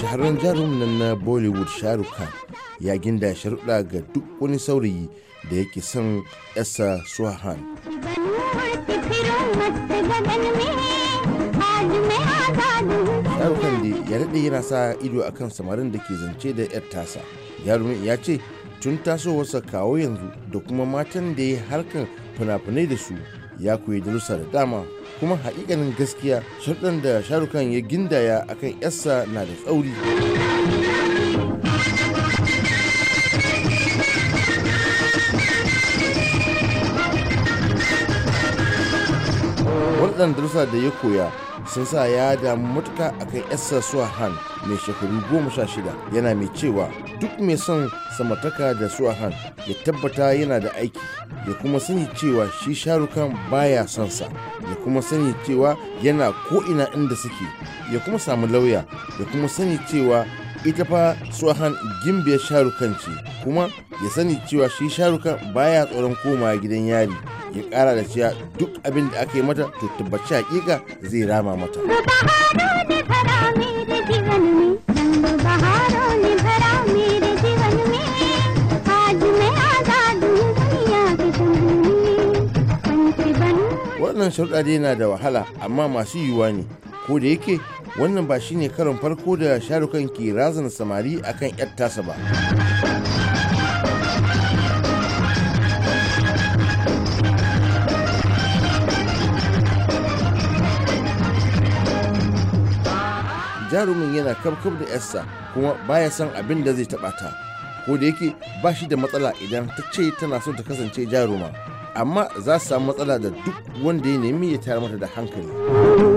shaharar jarumin nan na bollywood shahrukh ya ginda sharuɗa ga duk wani saurayi da yake son yasa suhahan shahrukh da ya daɗe yana sa ido a kan samarin da ke zance da 'yar tasa jarumin ya ce tun tasowarsa kawo yanzu da kuma matan da ya yi harkar fina-finai da su ya koyi darussa da dama kuma haƙiƙanin gaskiya sharɗan da sharukan ya gindaya akan yassa na da tsauri waɗannan darussa da ya koya sun sa ya damu matuka akan yasa han mai shekaru goma sha shida yana mai cewa duk mai son samataka da han ya tabbata yana da aiki ya kuma sani cewa shi sharukan baya son sa ya kuma sani cewa yana ko'ina inda suke ya kuma samu lauya ya kuma sani cewa ita fa suwahan gimbiyar sharukan ce kuma ya sani cewa shi sharukan baya tsoron komawa gidan yari ya kara da cewa duk abin da aka yi mata to tabbaci hakika zai rama mata wannan sharuɗa dai na da wahala amma masu yiwuwa ne ko da yake wannan ba shine karon farko da sharukan ke razana samari akan 'yar tasa ba jarumin yana kafkaf da yarsa kuma baya son abin da zai taɓa ta ko da yake ba shi da matsala idan ta ce tana so ta kasance jaruma amma za su samu matsala da duk wanda ya nemi ya tayar mata da hankali